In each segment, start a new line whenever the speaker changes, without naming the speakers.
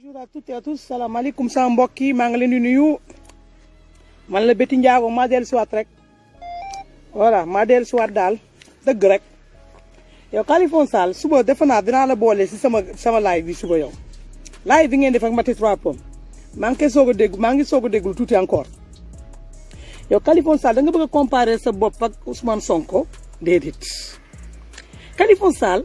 bonjour à toutes et à tous Salam alaikum sa mbokki ma ngi len di nuyu man la Betty Ndiago ma del siwaat rek voilà ma del siwaat dal deug rek yow Khalifon Sall suba defe dina la bolé ci sama sama live bi suba yow live bi ngeen def ak Mati 3 pom. maa ngi sogo deg, a ngi sogo a déglu encore yow Khalifon Sall da nga bëgg comparer sa bop ak Ousmane Sonko dedit. Khalifon Sall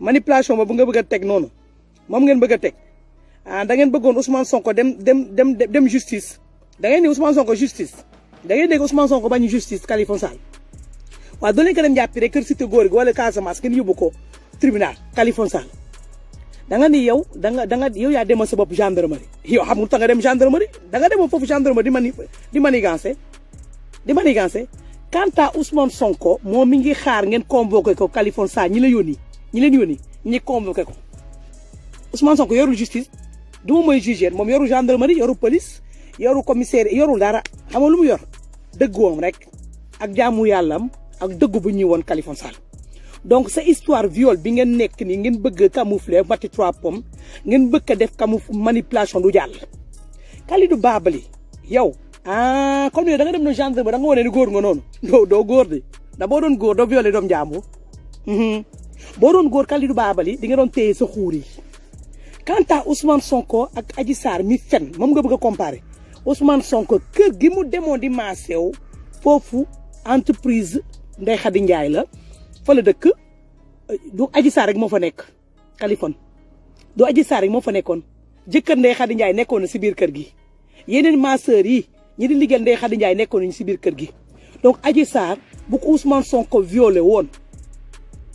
manipulation boobu nga bëgg tek nonu mom ngeen bëgg tek ah da ngeen bëggoon Ousmane Sonko dem dem dem dem justice da ngeen ni Ousmane Sonko justice da ngeen dégg Ousmane Sonko bañ justice Khalifa Sall wa do leen ko dem jàppi rek keur Cité góor gi wala Casamance ngeen tribunal Khalifa Sall da nga ni yow da nga da nga yow ya demal sa bop gendarmerie yow xam nga nga dem gendarmerie da nga dem fofu gendarmerie di mani di gancé di manigancé quant à Ousmane Sonko mo mi ngi xaar ngeen convoquer ko Khalifa Sall ñi la yoni ñi leen yónni ñi convoqué ko Ousmane Sonko yorul justice du ma mooy juge moom yoru gendarmerie yoru police yoru commissaire yorul dara xam nga lu mu yor dëggoom rek ak jaamu yàllam ak dëgg bu ñuy woon Khalifa Sall donc sa histoire viol bi ngeen nekk ni ngeen bëgg a camoufler mati trois pommes ngeen bëgg a def camouf manipulation du jàll. Khalidou Babali yow ah comme ni da nga dem no gendarme da nga wane ni góor nga noonu doo doo góor de da boo doon góor doo violé doom jàmbur. Mhm. boo doon góor Kalidou Babali di nga doon téye sa xuur yi quant à Ousmane Sonko ak aji saar mi fen moom nga bëgg a comparer Ousmane Sonko kër gi mu demoon di maasew foofu entreprise Ndeye Khady la fa dëkk du Adji Sarr rek moo fa nekk Kaliphone du Adji Sarr rek moo fa nekkoon jëkkër Ndeye Khady Ndiaye nekkoon na si biir kër gi yeneen masseurs yi ñi di liggéeyal Ndeye Khady Ndiaye nekkoon nañu si biir kër gi donc aji Sarr bu ko Ousmane Sonko violé woon.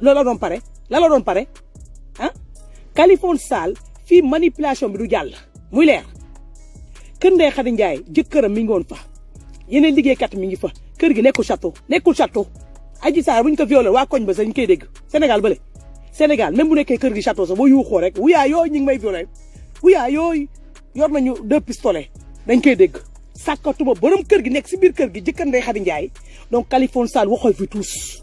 la la doon pare la la doon pare ah Khaliphone Sall fii manipulation bi du jàll muy leer kër Ndeye Khady Ndiaye jëkkëram mi ngi woon fa yeneen liggéeykat mi ngi fa kër gi nekkul château nekkul château aji Sarr bu ñu ko violé waa koñ ba sax ñu koy dégg Sénégal bële Sénégal même bu nekkee kër gi château sa boo yuuxoo rek wuyaa yooyu ñu ngi may violé wuyaa yooyu yor nañu deux pistolets dañ koy dégg sàkkatuma borom kër gi nekk si biir kër gi jëkkër Ndeye Khady Ndiaye donc Khaliphone Sall waxoo fi tuus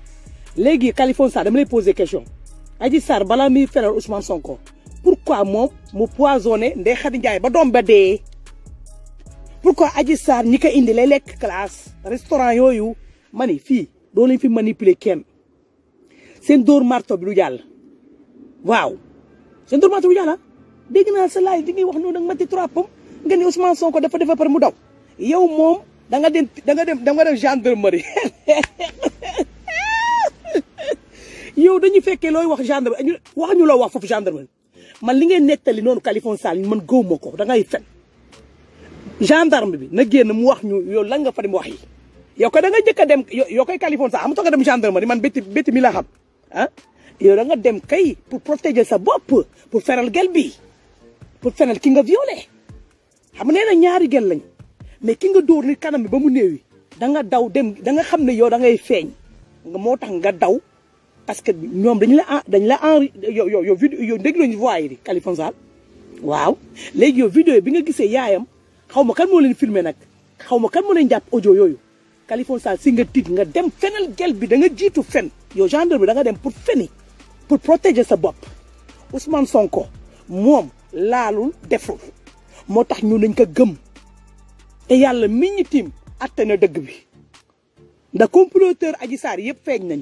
léegi Khaliphone Sall me lay poser question Adjissar, dit ça, Balami faire Ousmane Sonko pourquoi moi, me poisonné des Khady ba pourquoi Adji ça, indi dans les classe restaurant yooyu ma ni dans les fi manipuler kenn seen dóor marto bi du marteau. waaw marto du ah. pom nga ni Ousmane Sonko dafa defa par mu yow da nga dem da yow dañu fekke loy wax gendarme ñu wax ñu loo wax fofu gendarme man li ngeen nettali noonu Kaliphone Sall man góob ma da ngay fet gendarme bi na genn mu wax ñu yow la nga fa dem wax yi yow ko da nga jëk dem yow koy Kaliphone Sall to nga dem gendarmerie man beti beti mi la xam ah yow da nga dem kay pour protéger sa bop pour feral gel bi pour feral ki nga violé xam nee na ñaari gel lañ mais ki nga dóor ni kanam bi ba mu newi da nga daw dem da nga xam ne yow da ngay feñ nga motax nga daw parce que ñoom dañu la dañ la enri yow yow yow vidéo yow dégg nañu voix yi waaw léegi yow vidéo bi nga gisee yaayam xaw ma kan moo leen filmé nag xaw ma kan moo leen jàpp ojo yooyu Khalifa Sall si nga tiit nga dem fenal gel bi da nga jiitu fen yoo gendarme bi danga dem pour feni pour protéger sa bopp Ousmane Sonko moom laalul deful moo tax ñu nañ ko gëm te yàlla mi ñi tiim atte na dëgg bi ndax comploteur Adji saar yëpp feeñ nañ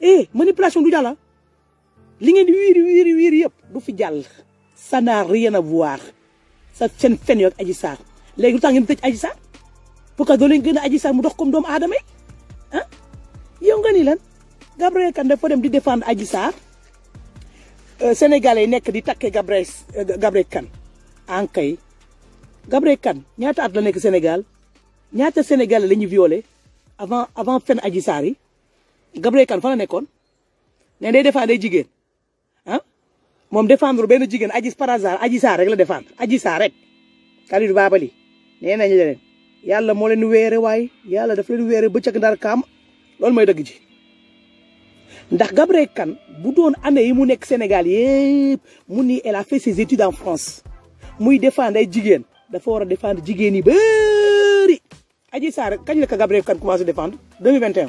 eh manipulation du jàll li ngeen di wiri wiri wiiri yëpp du fi jall ça n'a rien à voir sa seen fen ak aji sar legui tax ngeen tëj aji sar pour doo do len gëna aji sar mu dox comme dom adamay eh? yi ah yow nga ni lan Gabriel kan dafa dem di défendre aji euh, sénégalais nek di takkee Gabriel Gabriel eh, en kay Gabriel kan? ñaata kan, at la nek Sénégal ñaata sénégalais lañu violer avant avant fen aji sar yi Gabriel kan fa la nekkoon ne day défendre jigéen ah moom défendre benn jigéen aji par hasard Adji Sarr rek la défendre aji Sarr rek. Khalidou Babali nee nañ leen yàlla moo leen weere waaye yàlla daf leen weere bëccëg ndar kaam loolu mooy dëgg ji ndax Gabriel Kane bu doon année yi mu nekk Sénégal yëpp mu ni elle a fait ses études en France muy défendre ay jigéen dafa war a défendre jigéen yi bëri Adji Sarr kañ la ko Gabriel Kane commencé défendre 2021.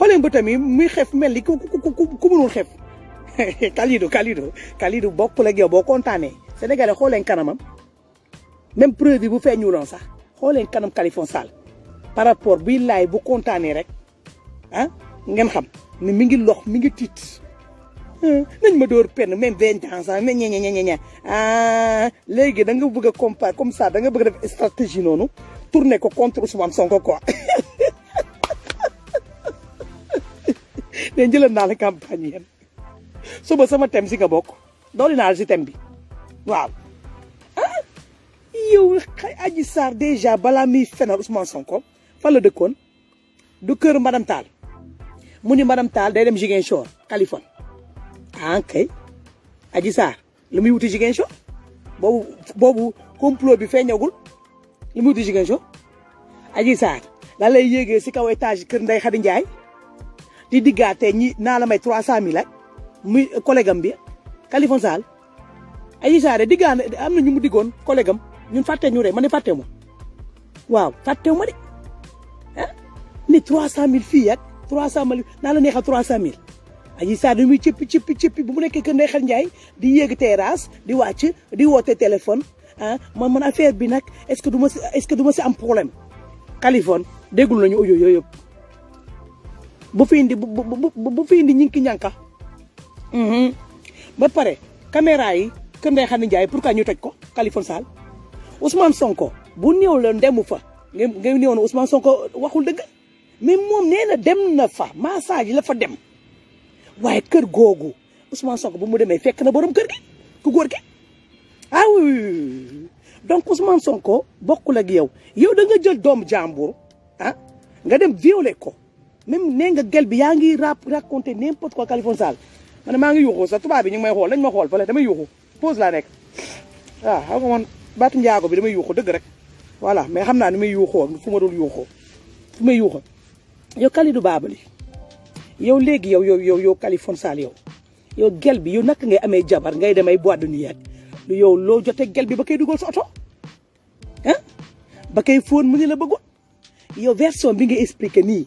xooleen bëtam yi muy xef melni ku ku ku mënul xef kalido kalido kalido bokk la gëw bo contané Sénégalais xooleen kanamam même preuve bu feñu feeñuloon sax xooleen kanam califon sal par rapport bi lay bu contané rek ah ngeen xam ni mi ngi lox mi ngi tit nañ ma door pen même vingt ans mais ñe ñe ah légui da nga bëgg compa comme ça da nga bëgg def stratégie nonu tourner ko contre Ousmane Sonko quoi te naa la campagne yéen sama thème si nga bokk dooli naa la si thème bi waaw ah yow xay Adji Sarr dèjà muy fenal Ousmane Sonko fan la dëkkoon du kër madame Tall mu ni madame Tall day dem Ziguinchor Californie ah kay Adji Sarr lu muy wuti Ziguinchor boobu boobu complot bi feeñagul lu muy wuti Ziguinchor Adji Sarr lan lay yéegee si kaw étage kër Ndeye Khady di digaté ñi na la may 300000 cent ak muy collègue am bi Khalifa sal ay Sarr diggaan amna ñu mu diggoon collègue am ñun faté ñu ré mané faté fàtte waaw faté ma de ah ni 300000 fi ak 300000 na la nexa 300000 cent sa Adji Sarr du muy cëppi cëppi cëppi bu mu nekkee kër Ndeye Khady di yéeg terrasse di wàcc di woote téléphone ah man man affaire bi nag est ce que du ma si est ce que du ma si am problème Khalifa déggul nañu audio yooyu yo. bu fi indi bu bu bu fi indi ñi ki ñànka mhm. ba pare caméra yi kër Ndeye Khady Ndiaye pourquoi ñu toj ko Khalifa Sall Ousmane Sonko bu néew la demu fa ngeen ngeen néew na Ousmane waxul dëgg mais moom nee na dem na fa massage yi la fa dem waaye kër googu Ousmane Sonko bu mu demee fekk na borom kër gi ku góor gi ah oui donc Ousmane Sonko bokkul ak yow yow da nga jël doomu jàmbur ah nga dem violé ko. même nee nga gel bi yaa ngi raconté n'importe quoi Khaliphone Sall man maa ngi yuuxu sax tubaab bi ñu may xool dañ ma xool fële damay yuuxu pause laa nekk waaw ah, xam nga bi damay yuuxu dëgg rek mais xam naa ni may yuuxoo fu ma dul yuuxoo may yuuxoo yow Kalidou Babali yow léegi yow yow yow yow Khaliphone Sall yow yow gel bi yow naka ngay amee jabar ngay demay bois de nuit yow loo jote gel bi ba kay dugal sa oto ba koy fóon mu ngi la bëggoon yow version bi nga expliqué nii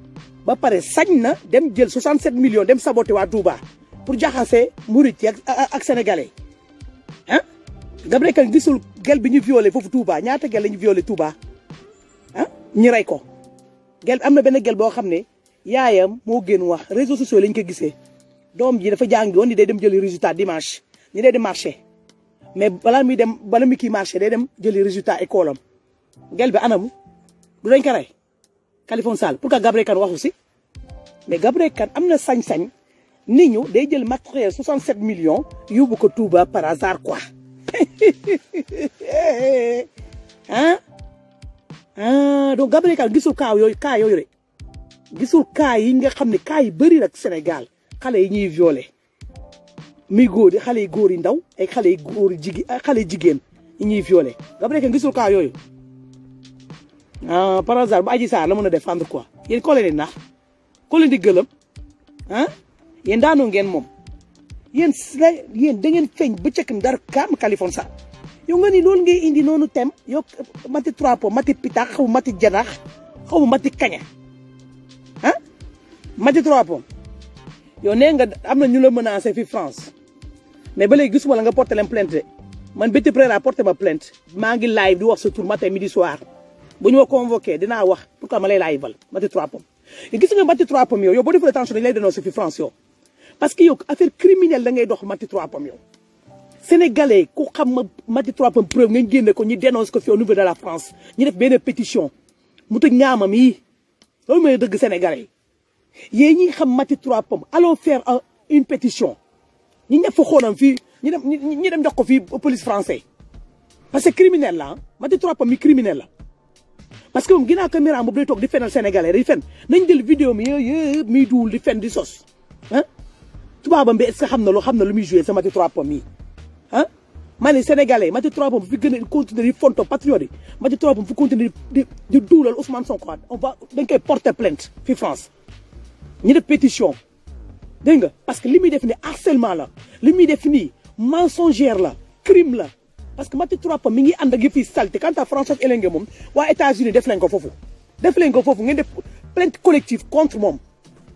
ba pare sañ na dem jël 67 millions dem saboter wa Touba pour jaxassé Mauritanie ak ak sénégalais ah Gabriel kan gisul gel bi ñu violé fofu Touba ñaata gel lañu violé Touba hein ñi ray ko. gel amna benn gel bo xamné yaayam mo gën wax réseaux sociaux lañ ko gissé dom ji dafa jàngi won ni day dem jël résultat dimanche ni day dem marché mais bala mi dem bala mi ki marché day dem jël résultat école gel bi anam du dañ ko ray Khaliphone Gabriel Kane wax si mais Gabriel Kane amna sañ-sañ day jël matériel 67 millions Yubu ko Touba par hasard quoi Hein? ah donc Gabriel Kane gisul yoy cas yoy re gisul yi nga yi Sénégal xalé yi ñuy violé mi xalé yi ndaw ay xalé yi Gabriel Euh, par hasard bu aji sa la mën défendre quoi yeen ko leen na ko koo leen di gëlëm ah yéen daanu ngeen mom yeen la yéen da ngeen feñ ba ciëk ndar kam califon sa yo nga ni indi nonu tem yo mati trois mati pitax xaw mati janax xaw mati kagne hein mati trois po yow nga amna ñu la menacer fi France mais ba gis gisuma la nga porter plainte man bétti pré ma plainte ma ngi live di wax sa tur matin midi soir bu vous convoqué wax pourquoi ma lay Mati Trois Pommes gis nga Mati Trois Pommes vous France parce que affaire la ngay dox Sénégalais ku xam ma Mati Trois Pommes preuve au niveau de la France def une pétition mu tëj yi Sénégalais yi ñi xam Mati Trois allons faire une pétition vous ñëpp fa xoonam police française, parce que criminel la Mati Trois Pommes criminel parce que moom caméra boobu day toog di fenal sénégalais di fen nañ jël vidéo mi yëpp miy duwul di des di Hein? Tu tubaabam bi est-ce que xam na loo xam na lu muy joué sa Mati trois pommes Hein? ah ma ne sénégalais Mati trois pommes fu gën continuer di fonto patriote Ma Mati trois pommes fu continuer di di duulal Ousmane Sonko on va dañ porter plainte fi France ni de pétition dingue nga parce que li muy harcèlement la li muy mensongère la crime la parce que Mati Trois Pommes mi ngi ànd ak yëf yi salté quant à Françoise Hélène Gueye moom États-Unis def leen ko fofu def leen ko fofu ngeen def plainte collective contre mom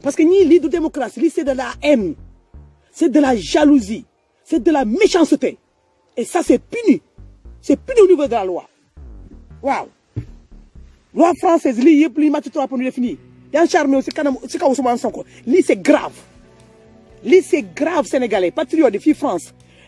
parce que ni li du démocratie li c'est de la haine c'est de la jalousie c'est de la méchanceté et ça c'est puni c'est puni au niveau de la loi waaw loi française li yëpp li Mati Trois Pommes ñu def nii charme charmé si kanam ci kaw Ousmane Sonko li c'est grave li c'est grave sénégalais patriote de fi France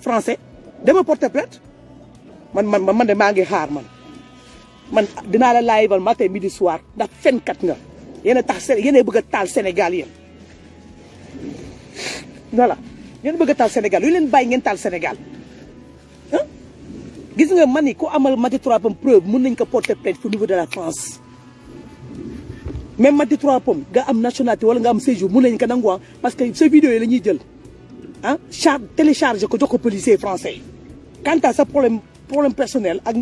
français me porter plainte man man man de mangi xaar man man dina la laajibal matin midi soir ndax fenkat nga yene a tax yéen a bëgg a Sénégal yéen voilà yene bëgg a Sénégal yu leen bàyyi ngeen tal Sénégal hein? gis nga man ni ko amal Mati 3 Pommes preuve mën nañ ko porter plainte au niveau de la France même Mati 3 Pommes nga am nationalité wala nga am séjour mën nañ ko nangu hein? parce que ce vidéo yi lañuy jël. Hein? charge télécharge ko français quant à ce problème problème personnel a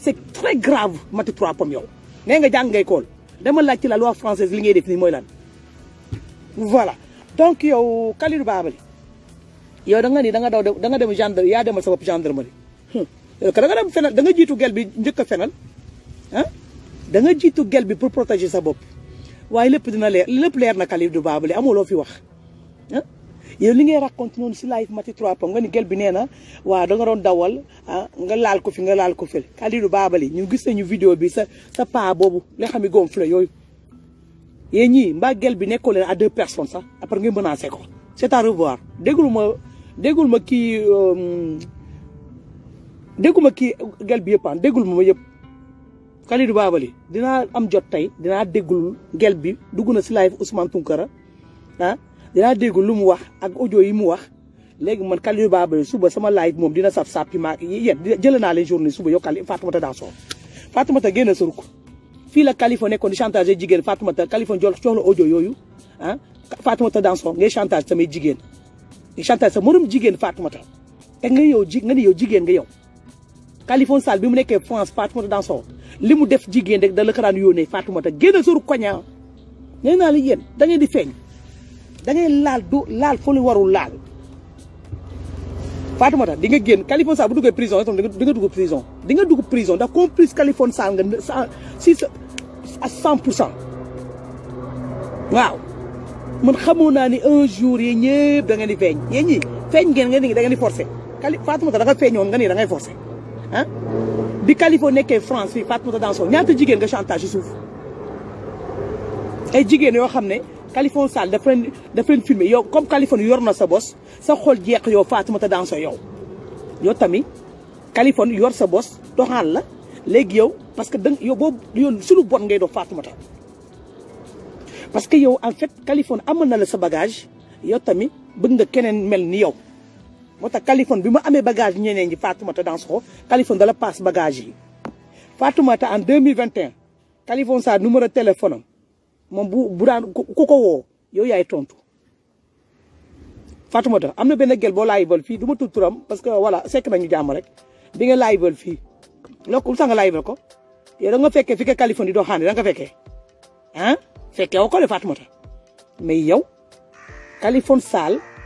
c'est très grave qui Trois des gens qui la loi française voilà donc Khalil Babali des da nga des gendarme hum. pour protéger waaye lépp dina leer lépp leer na Kalidou Babali loo fi wax ah li ngay raconte noonu si live Mati 3 Pommes nga ni gel bi nee na waaw da doon dawal ah nga laal ko fi nga laal ko fële Kalidou Babali ñu gis nañu vidéo bi sa sa paa boobu nga xam ne gonflé yooyu yéen ñii mbaa gel bi nekkoo leen à deux personnes sax après nga menacé ko c'est à revoir déggul ma déggul ma kii euh, déggul ma ki gel bi yëpp ah déggul ma ma yëpp. Khalidou Babali dinaa am jot tey dinaa déggul gel bi dugg na si live Ousmane Tounkara ah dinaa lu mu wax ak audio yi mu wax léegi man Khalidou suba sama live moom dina saf sàppi maa yéen jëlee naa leen journée suba yow Khalidou Fatoumata Danso Fatoumata génn sa rukk fii la Khalifa nekkoon di chantage jigéen Fatoumata Khalifa jox la audio yooyu ah Fatoumata Danso ngay chantage samay jigéen di chantage sa moroom jigéen Fatoumata te nga yow ji nga ni yow jigéen nga yow Khalifa Sall bi mu nekkee France Fatoumata Danso limu def jigen rek da la ko yone fatuma ta gene suru koña neena li yeen da ngay di feñ da ngay laal du laal fu lu warul laal ta di nga gene califon sa bu duggee prison da nga dugg prison di nga dugg prison da complice califon sa nga si a 100% pour cent waaw man xamoo ni un jour yee ñëpp da ngeen di feeñ yéen ñi feeñ ngeen ngeen da ngeen di forcé Kali Fatoumata da nga feeñoon nga nii da ngay ah bi Khalifa nekkee France fii Fatoumata Danso ñaata jigéen nga chantage ci Et ay jigéen yoo xam ne Khalifa Sall dafa leen dafa leen filmé yow comme Californie, yor na sa boss, sa xol jeex yow Fatoumata Danso yow. yow tammi Californie, yor sa boss, doxaan la léegi yow parce que danga yow bo yow sulu bon ngay dox Fatoumata parce que yow en fait Californie amna la sa bagage yow tammi bëgg kenen melni ni yow. moo tax Kaliphone bi mu amee bagage ñeneen ñi Fatoumata Dansokho Kaliphone dala paas bagage yi Fatoumata en 2021 Kaliphone sa numéro téléphone am moom bu bu daan ku ko woo yow yaay tontu Fatoumata am na benn gel boo laajibal fii du ma tudd parce que voilà sekk na ñu jàmm rek bi nga laajibal fii loolu lu tax nga laajibal ko yow da nga fekkee fi ka Kaliphone di doxaane da nga fekkee ah fekkee woo ko de Fatoumata mais yow Kaliphone Sall.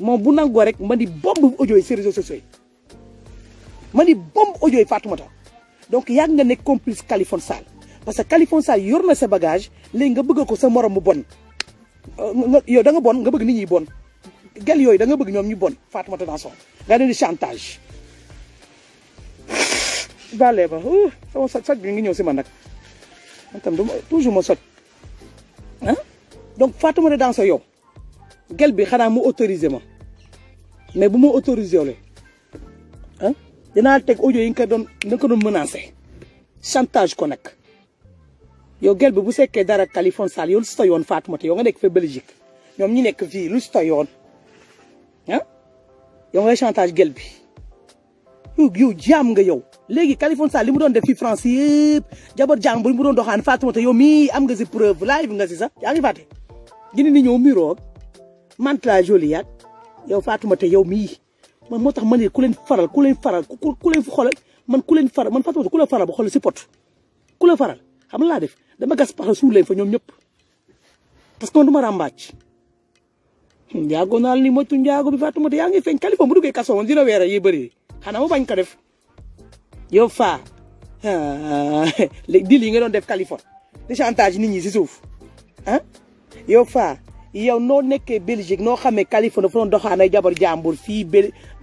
moom bu nangoo rek ma di bomb audio yi si réseaux sociaux yi ma di bomb audio yi donc yàgg nga nekk complice Khaliphone Sall parce que Khaliphone Sall yor na sa bagage léegi nga bëgg ko sa morom bu bon euh, yow danga bon nga bëgg nit ñi bon gel yooyu da nga bëgg ñoom ñu bon Fatoumata Danso nga leen di chantage. bale ba sama soj soj bi ngi ñëw si man nag man tam toujours ma soj ah donc Fatoumata Danso yow. gel bi xanaa mu autoriser ma mais bu ma autorisé wule hein? ah dinaa teg audio yi nga ko doon nga ko doon menacer chantage ko nag yo gel bi bu sekkee dara Kaliphone Sall yow lu si toyoon Fatoumata yow nga nekk fa Belgique ñoom ñi nek fii lu si toyoon ah hein? yow ngay chantage gel bi yow yow jaam nga yow. légui Kaliphone sal limu mu def fi France yëpp jabar jàmbur li mu doon doxaan Fatoumata yo mi am nga ci preuve live nga ci sax yaa ngi fàtte gis ni ñëw muroo Manta Jolie yaag yow Fatoumata yow mii man moo tax man ni ku leen faral ku leen faral ku ku leen man ku leen faral man Fatoumata ku la faral ba xool si pot ku la faral xam laa def dama gas pax suul leen fa ñoom ñëpp parce que man du ma ràmbaaj njaago hmm, naal ni moytu njaago bi Fatoumata yaa ngi feeñ Kaliphone bu i kaso woon dina weere yi bëri xanaa mu bañ ko def yow faa léegi dil yi nga doon def Kaliphone di chantage nit ñi si suuf ah yow faa yow noo nekkee Belgique noo xamee Californie fu doxaan doxaanee jabar jàmbur fii ba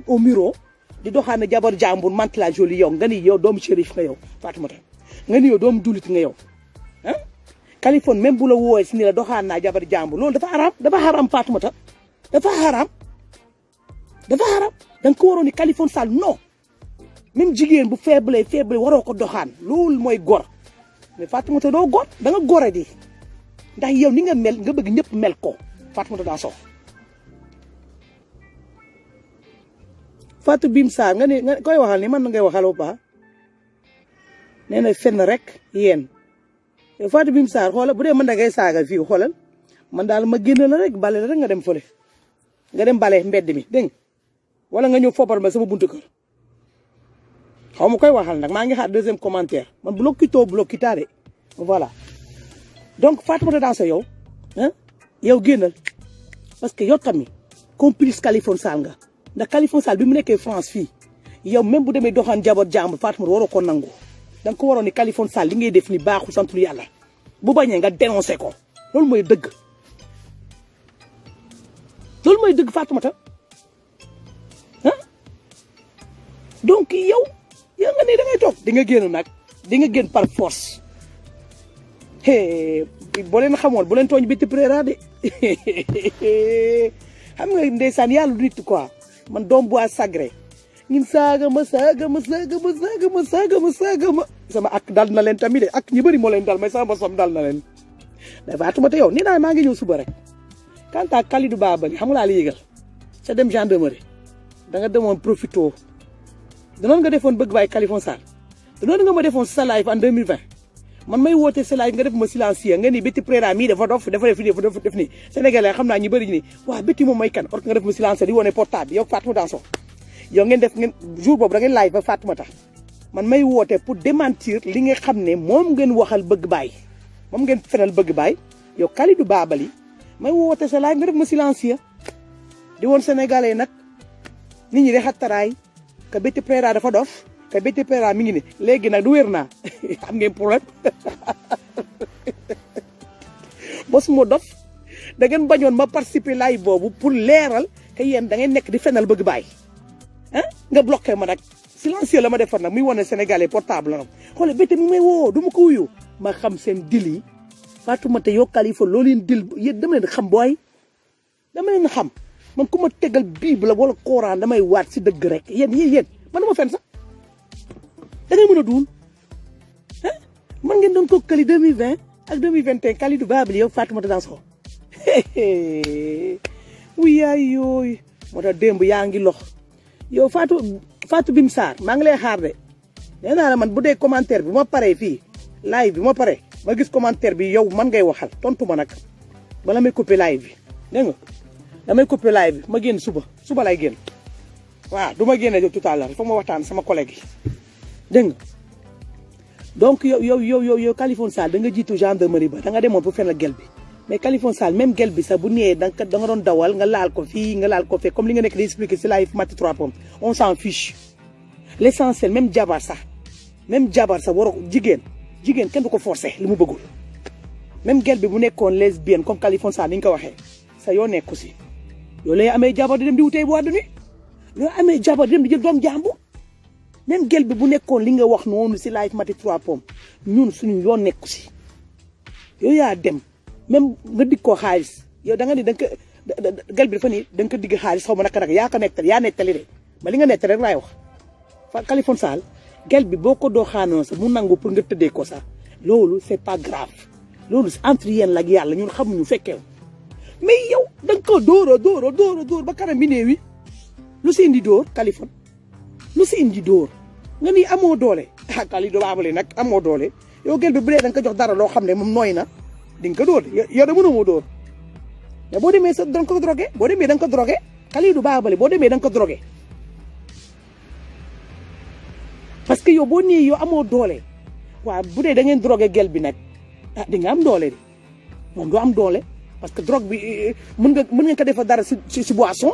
au muro di doxaanee jabar jàmbur Mantes la Jolie nga ni yow doomu shérif nga yow Fatoumata nga ni yow doomu jullit nga yow ah. Californie même bu la wooyee si ni la doxaan naa jabar jàmbur loolu dafa haram dafa haram Fatoumata dafa haram dafa haram da nga ko waroon ni Californie Sall non jigéen bu faible faible waroo ko doxaan loolu mooy gor mais Fatoumata doo gor da nga di. ndax yow ni nga mel nga bëgg ñëpp mel ko Fatoumata daa sox Fatou Bim Sarr nga ne nga koy waxal ni man ngay waxal ba nee na fenn rek yéen Fatou Bim Sarr xoolal bu dee mën da ngay saaga fii xoolal man daal ma génn la rek bale la rek nga dem fële nga dem bale mbedd mi dégg wala nga ñëw fobar ma sama buntu kër xaw ma koy waxal nag maa ngi xaar deuxième commentaire man bloquito bloquita de voilà donc Fatoumata Danso yow ah yow génnal parce que yow tamit complice Khaliphone Sall nga ndax Khaliphone Sall bi mu nekkee France fii yow même bu demee doxaan jaboot jàmbur Fatoumata waroo ko nangu da nga ko waroon ni Khaliphone Sall li ngay def ni baaxu baaxul santul yàlla bu bañee nga dénoncé ko loolu mooy dëgg loolu mooy dëgg Fatoumata ah donc yow yaa nga ne da toog di nga génn nag di nga génn par force bo len leen bo len togn bi bitti de xam nga ndeysan yalla nit quoi man dom bois sagré ngin saga ma saga ma saga ma saga ma saga ma saga ma sama ak dal na len tamit ak ñi bari mo len dal may sama som dal na da fa atuma te yow ni na ma ngi ñëw suba rek kan kanta à baba Babali xam nga la yegal sa dem gendarmerie da nga demone profito non nga defoon bëgg califon sal da non nga ma defone sa live en 2020 man may woote si laaj nga def ma silencieux nga ni Betty Préra mii dafa dof dafa def nii dafa def nii sénégalais xam naa ñu bëri ñu ni waaw Betty moom may kan or nga def ma silencieux di wane portable yow Fatou Danso yow ngeen def ngeen ba Fatoumata man may ngeen waxal bëgg baay moom ngeen fenal bëgg baay yow Kalidou Babali sa laaj nga def di woon sénégalais nag nit ñi de xattaraay que Betty Préra dafa dof te Déthié Péra mi ngi ne léegi nag du wér naa xam ngeen problème bos mu dof da ngeen bañoon ma participer laay boobu pour leeral te yéen da ngeen nekk di fenal bëgg bàyyi ah nga bloqué ma nag silencieux la ma defoon nag muy wone Sénégalais portable la nag xoolal may woo du ma ko wuyu ma xam seen dil yi Fatoumata yow Khalifa loolu yéen dil yéen dama leen xam booy dama leen xam man ku ma tegal bible wala Coran damay waat si dëgg rek yéen yéen man dama fen sax. da ngay mën a duul ah man ngeen doon kooku Kali 2020 ak 2021 Kalidou Babli yow Fatoumata Danso wu yaay yooyu moo tax démb yaa ngi lox yow Fatou Fatou Bim Sarr maa ngi lay xaar de nee naa la man bu dee commentaire bi ma paree fii live bi ma pare ma gis commentaire bi yow man ngay waxal tontu ma nag bala may coupé live bi dégg nga damay coupé live bi ma génn suba suba lay génn waaw du ma génne tout à l'heure il faut ma waxtaan sama collègue Deng. donc yo yo yo yo Californie, sal da nga gendarmerie ba da nga demoon pour la gelbe. mais Kalifone sal même gelbe, ça bu dans da dawal nga ko on nga comme li nga expliquer trois pompes on s'en fiche l' même jabar ça, même jabar ça, Jigen, jigen, ko forcer li même gelbe, bu lesbienne comme ni nga aussi. Yo lay ils dem di même gel bi bu nekkoon li nga wax noonu si live Mati trois pommes ñun suñu yoon nekku si yow yaa dem même nga dig koo xaalis yow da nga ni da nga ko gel bi dafa ni da ko digg xaalis xaw ma naka naka yaa ko nettali yaa nettali de ma li nga nettali rek laay wax fa Kaliphone Sall gel bi boo ko dooxaanoon sax mu nangu pour nga tëddee ko sax loolu c'est pas grave loolu si entre yéen lag yàlla ñun xamuñu fekkee mais yow da nga ko dóora dóora dóora dóor ba kanam bi néew yi lu seen di dóor Kaliphone lu si indi dóor nga ni amo doole akali ah, do Babali nak amo doole yow gel bi bu dang ko jox dara lo xamne mom noy na di ko dóor yow de mo dóor ya bo demé sa dang ko drogué bo demé dang ko drogué Kalidou Babali boo demee da ko drogué parce que yow bo ni yow amo doole wa bu da ngeen drogué gel bi nak ah di nga am doole de do am doole parce que drogue bi eh, eh, mën nga mën nga ko defal dara si boisson.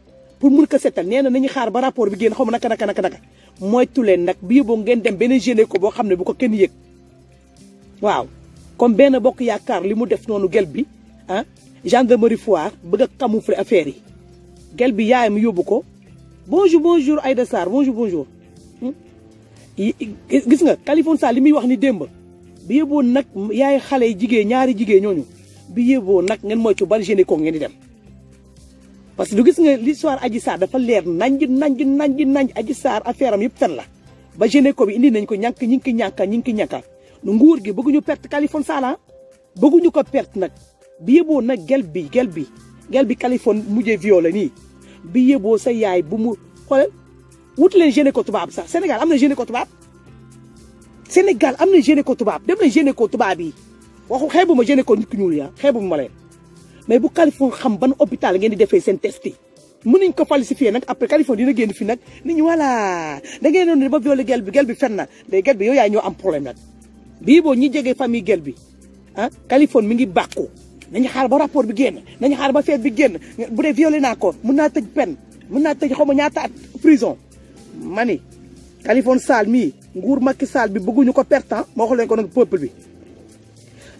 pour mun ko setal nee na nañu xaar ba rapport bi génn xaw ma naka naka naka naka moytu leen nag bi yóbboo ngeen dem benn géné ko boo xam ne bu ko kenn yëg waaw comme benn bokk yaakaar li mu def noonu gel bi ah gendarmerie foire bëgg a camoufler affaire yi gel bi yaayam yóbbu ko bonjour bonjour Aïda Sarr bonjour bonjour hmm? gis nga Kaliphone Sall li muy wax ni démb bi yóbboo nag yaay xale yi jigéen ñaari jigéen ñooñu bi yóbboo nak ngeen moytu ban géné ko ngeen di dem parce que du gis nga l'histoire Adji Sarr dafa leer naññ naññ naññ naññ Adji Sarr affaire am yëpp fen la ba Généco bi indi nañ ko ñànk ñi ngi ki ñànka ñi ngi ki ñànka nguur gi bëgguñu perte Kaliphone Sall ah. bëgguñu ko perte nag bi yeboo nag gel bi gel bi gel bi Kaliphone mujjee violé nii bi yeboo sa yaay bu mu xoolal wut leen Généco tubaab sax Sénégal am na Généco tubaab Sénégal am na Généco tubaab dem leen ko tubaab yi waxu xeebuma Généco nit ku ñuul ya xeebuma leen mais bu Kaliphone xam ban hôpital ngeen di defé sen test yi mën ko falsifier nak après Kaliphone dina génn fi nak nit ñi wala da ngeen non ba violé gel bi gel bi fenn na gel bi yow ya ñoo am problème nak bi bo ñi jégué famille gel bi ah Kaliphone mi ngi bakku nañ xaar ba rapport bi génn nañ xaar ba fête bi génn bu dé violé naa ko mën naa tëj peine mën naa tëj xaw ñaata at prison mané ni sal mi nguur Macky Sall bi bëgguñu ko perte mo ah, ma leen ko nak peuple bi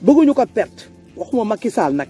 bëgguñu ko perte waxuma Macky Sall nak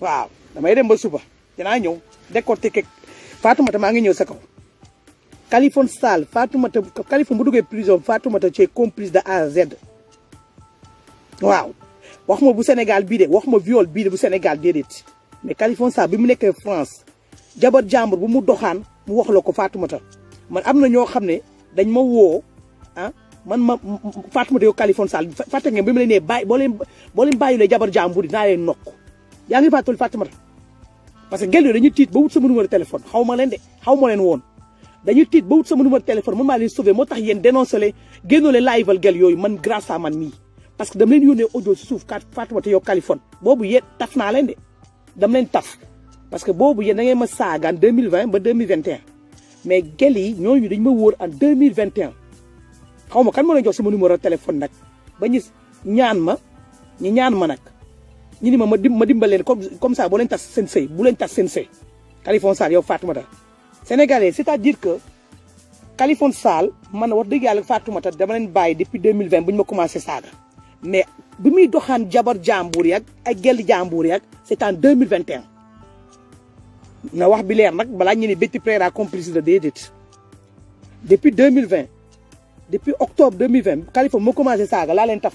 waaw damay dem ba suba dinaa ñëw décortiquer Fatoumata maa ngi ñëw sa kaw Kaliphone Sall Fatoumata Kaliphone bu duggee prison Fatoumata ci complice de A waaw wax ma bu Sénégal bii de wax ma viol bii de bu Sénégal déedéet mais Kaliphone Sall bi mu nekkee France jabar jàmbur bu mu doxaan mu wax la ko Fatoumata man am na ñoo xam ne dañ ma woo ah man ma Fatoumata yow Kaliphone Sall fàtte ngeen bi mu leen nee bàyyi boo leen boo leen bàyyilee jabar jàmbur dinaa leen nokk yaa ngi fàttali Fatimata parce que gel tiit ba wut sama numéro téléphone xaw ma leen de xaw ma leen woon dañuy tiit ba wut sama numéro téléphone man maa leen yéen dénoncé le génnoole live-al gel yooyu man grâce à man mii parce que dama leen yónnee audio si suuf kat Fatimata yow Kaliphone boobu yéen leen de dam leen taf parce que boobu yéen da ngay ma saagaan 2020 ba 2021 mais gel yi ñooñu dañ ma wóor en 2021 xaw ma kan ma leen jox sama numéro téléphone nag ba ñu ñaan ma ñi ñaan ma nag ñu ni ma ma dim ma dimbal comme comme ça bu leen tas seen sëy bu leen tas seen sëy Kaliphone Sall yow Fatoumata sénégalais c'est-à-dire que Kaliphone Sall man wax dëgg yàlla Fatoumata dama leen bàyyi depuis 2020 bu ñu ma commencé saaga mais bi muy doxaan jabar jàmbur yak ak gel jàmbur yak c'est en 2021 na wax bi leer nag balaa ñu ne Betty Préra complice de déedéet depuis 2020 depuis octobre 2020 Kaliphone moo commencé saaga laa leen taf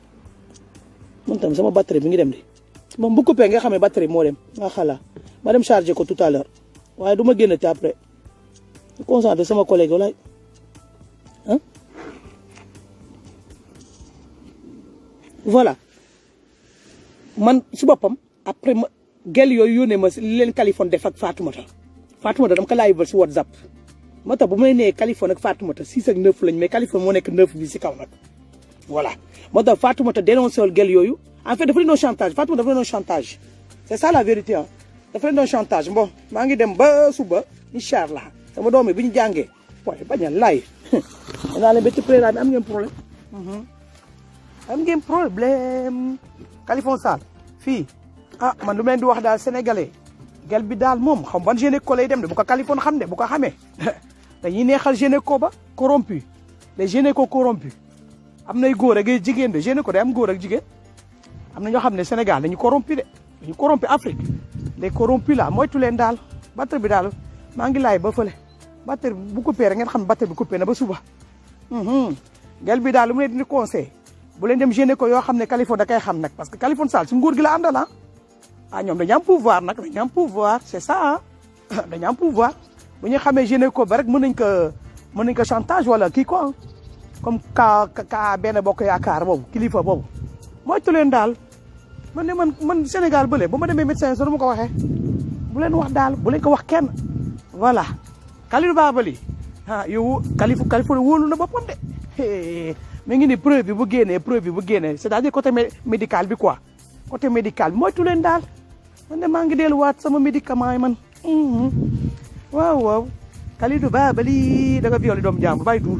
man tam sama batterie bi ngi dem di moom bu coupé nga xam ne batterie moo dem nga xala ma dem chargé ko tout à l'heure waaye du ma génn te après concentré sama collègue walaay ah voilà man si boppam après ma gel yooyu yónnee ma si leen Kaliphone def ak Fatoumata Fatoumata dama ko laajibal si WhatsApp moo tax bu may nee Kaliphone ak Fatoumata six ak neuf lañ mais Kaliphone moo nekk neuf bi si kaw nag voilà moo tax Fatoumata dénoncé le gel Yoyou. en fait chantage Fatoumata dafa leen un chantage C'est ça la vérité Je hein. dafa un chantage bon je ngi dem ba suba incha Je suis dormir je vais waaye a Je danaa plus Je suis problème am ngeen problème Je mhm. ah man lu di wax sénégalais gel bi Je suis xam ban lay dem de bu ko xam de bu ko neexal ba corrompu les corrompus am nay ak ay am goor ak amna Sénégal dañu corrompi de Afrique les corrompus la moytu batterie bi dal ma ngi suis ba batterie bu coupé ngeen xam bi coupé na ba suba. gel bi dal mu di conseil bu dem ko da xam parce que sal su nguur gi la ah, ah ñom dañu am pouvoir c'est ça ah. am pouvoir bu ñu xamé ba rek chantage wala quoi. Ah. comme ka ka benn bokk yaakaar boobu kilifa boobu moo moytu leen daal man ne man man Sénégal bële ba ma demee médecin soo mu ko waxee bu leen wax daal bu leen ko wax kenn voilà Kalidou Babali ah yow Kalifou Kalifou wóolu na boppam de mi ngi ne preuve bu génnee preuve bu génnee c'est-à-dire côté médical bi quoi côté médical bi moytu leen daal man ne maa ngi delluwaat sama médicament yi man mhm. waaw waaw Kalidou Babali da nga violé doomu jàmbur bàyyi duur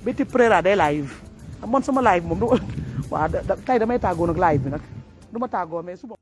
Betty Prera day live man sama live moom du waaw tey damay tàggoo nag live bi nag du ma tàggoo mais suba.